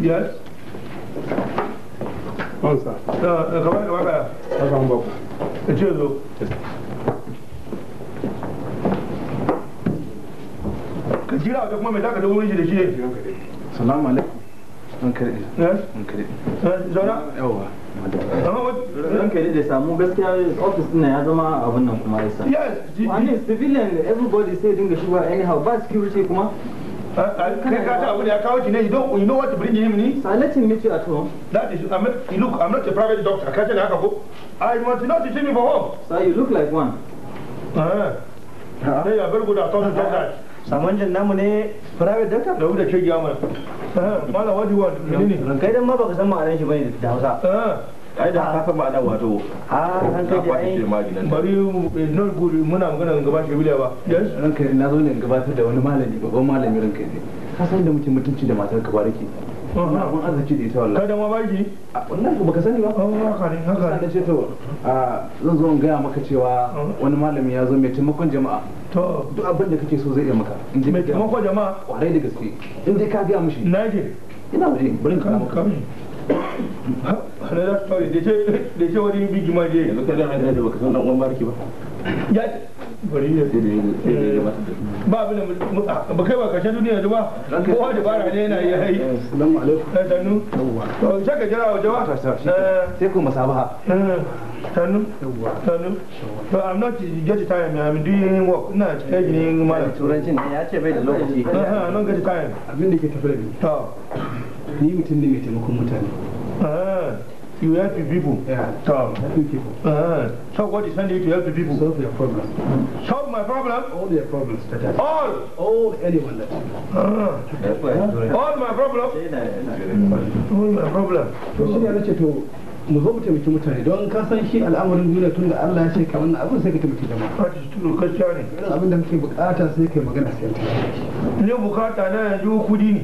Yes. Answer. Uh, come on, come on. Come Ka jira ga kuma mai zaka dawo shi da shi ne. Salamu alaikum. An kare. An kare. Zauna? Yawwa. ranka da samu gaskiya ofis din ya zama abin nan kuma yasa. Yes. Wani civilian everybody sai dinga shiga anyhow ba security kuma. kai ka ta abu da ya kawo ki ne you know what to bring him ni so let him meet you at home that is i'm not look i'm not a private doctor ka ce da haka ko i want you not to see me for home so you look like one eh saman jin namu ne private doctor da wuda ce giya mana eh ah, mallam what you want ne kai dan ma baka san ma'anar shi bane da Hausa eh ai da ka san ma'ana wato ah, a an ka ji ai bari eh, nan guri muna magana ga bashi biliya ba yes ranka na zo ne gabatar da wani malami babban malami ranka ne ka san da mutum mutunci da matar ka barake wannan abun arziki da ita wallahi kada ma baki wannan ko baka sani ba oh, haka ne haka ne ce to a zan zo in gaya maka cewa oh. wani malami ya zo mai taimakon jama'a to duk abin da kake so zai iya maka mai taimakon jama'a kwarai da gaske in dai ka gaya mishi na je ina waje bari ka maka na za su da ce wani bigi ma je yanzu da baka san dan uwan ba ya bari ne sai da sai da ba abin da ba kai ba kashe duniya ba kowa da bara ne yana yi hai assalamu alaikum na tanu to sai ka jira ba sai ku to i'm not get time i'm doing work ina turancin ne ya ce bai da lokaci get time abin da ke to ni mutum ne mai taimakon mutane eh, you help the people. Yeah. Um, helping people. Uh, so what is sending you to help the people. Solve your problem. Solve my problem? All their problems. That all. All anyone that. Uh, all my problem. Hmm. All my problem. To shi nace to mu zo mu taimaki mutane don ka san shi al'amarin duniya tun da Allah ya ce ka wannan abin sai ka taimaki jama'a. Ka ci tuno gaskiya ne. abin da kake bukata sai kai magana sai ta. Ni bukata na yanzu kudi ne.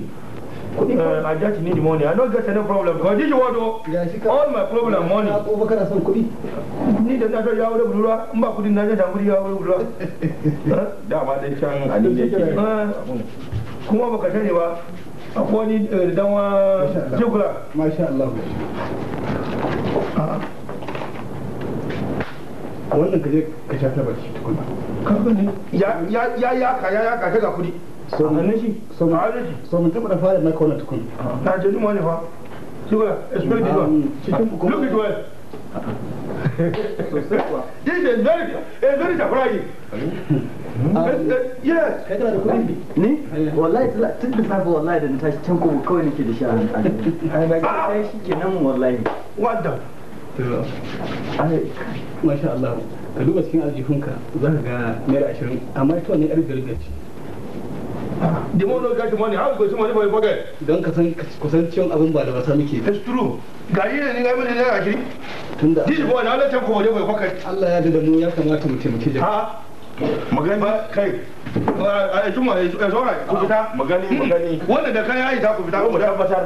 Uh, I just need money. I don't get any problem. Because this one, all my problem money. Ni da na so ya wuri can a Kuma baka sani ba, akwai wani danwa jigula. Masha Allah. Wannan ka ka sha tabar shi tukuna. Ka Ya ya ya ka ya ka ta ga kudi. so nishi fara ah, na tukun na ce dimo fa shugura expect it cikin ku look it well this is very a very surprising um, yes kai kana da kuɗi ni wallahi tun da safe wallahi da tashi can kuma kawai nake da shi a ah. a ga kai shi kenan wallahi wadda masha Allah ka duba cikin aljihunka zaka ga naira ashirin amma ita ne yar gargaci the more no get money, how you go see money for Don ka san kusancin abin ba da wasa muke. That's true. Gari ne ga mun ne ga kiri. Tunda. This boy na latan ko da bai pocket. Allah ya da mu ya kamata mu taimake jama'a. magani kai a juma ya zaura ku fita ah, magani magani wanda da kai yayi ta ku fita ku tabbatar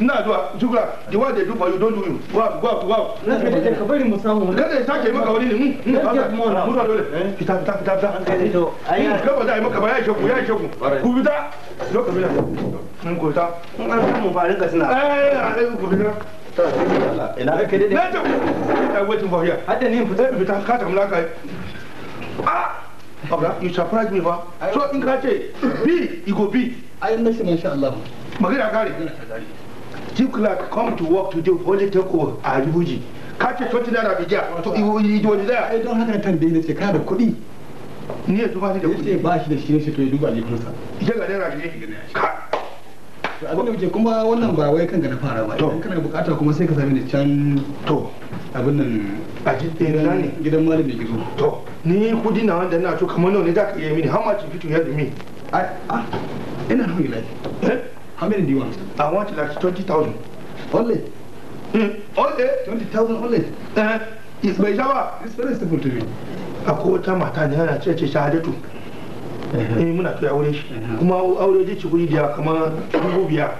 ina zuwa shukra the one they du for you don't do you wa wa. go out go out ka bari mu samu kada ya take maka wani ne mu zuwa dole eh? fita fita fita fita to ai ka ba dai maka ba ya shaku ya shaku. ku fita lokacin bila mun ku fita mun an samu ba rinka suna eh, eh, eh ku fita ina kake dai na ta waiting for here hadda ne fita fita ka ta mulaka Ah! Abla, you surprise me fa. So in ka ce B, you go B. I miss him insha Allah. Magana kare. Two clerk come to work today holy teko a Abuja. Ka ce 20 naira bijiya. To you do there. Ai don haka tambaye ne ce ka da kuɗi. Ni yanzu ba ni da kuɗi. Ba shi da shi ne shi to ya duba aljihunsa. Ita ga naira bijiya. Ka abin da muke kuma wannan ba wai kanka na fara ba idan kana bukata kuma sai ka sami ni can to abin nan a gidan ne gidan malam da gizo to ni kudi na wanda ina to kamar nawa ne za ka iya mini how much if you ina no you eh? how many do you want i want like 20000 only hmm, only 20000 only eh is bai jawa is very simple to me akwai wata mata ne yana ce shahadatu eh muna to aure shi kuma aure je ci kudi da kamar dubu biyar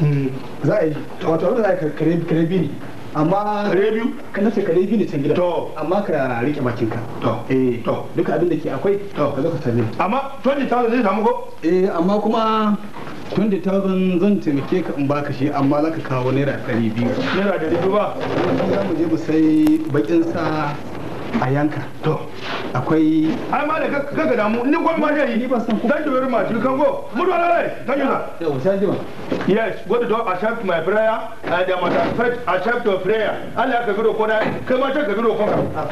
hmm, za a yi wato za a yi kare biyu amma rediyo ka nasa ka rebiu ne can gida amma ka rike bakin ka to eh to duka abin da ke akwai to ka zo ka same amma 20000 zai samu ko eh amma kuma 20,000 zan taimake ka in baka shi amma za ka kawo naira 200 naira 200 ba za mu je mu sai bakin sa a yanka to akwai ai ma da kaga damu ni ko ma dai ni ba san ko thank you very much you can go mudu alai thank you sir yes go to do accept my prayer and am at faith accept of prayer Allah ka biro ko da kai ma ta ka biro ko ka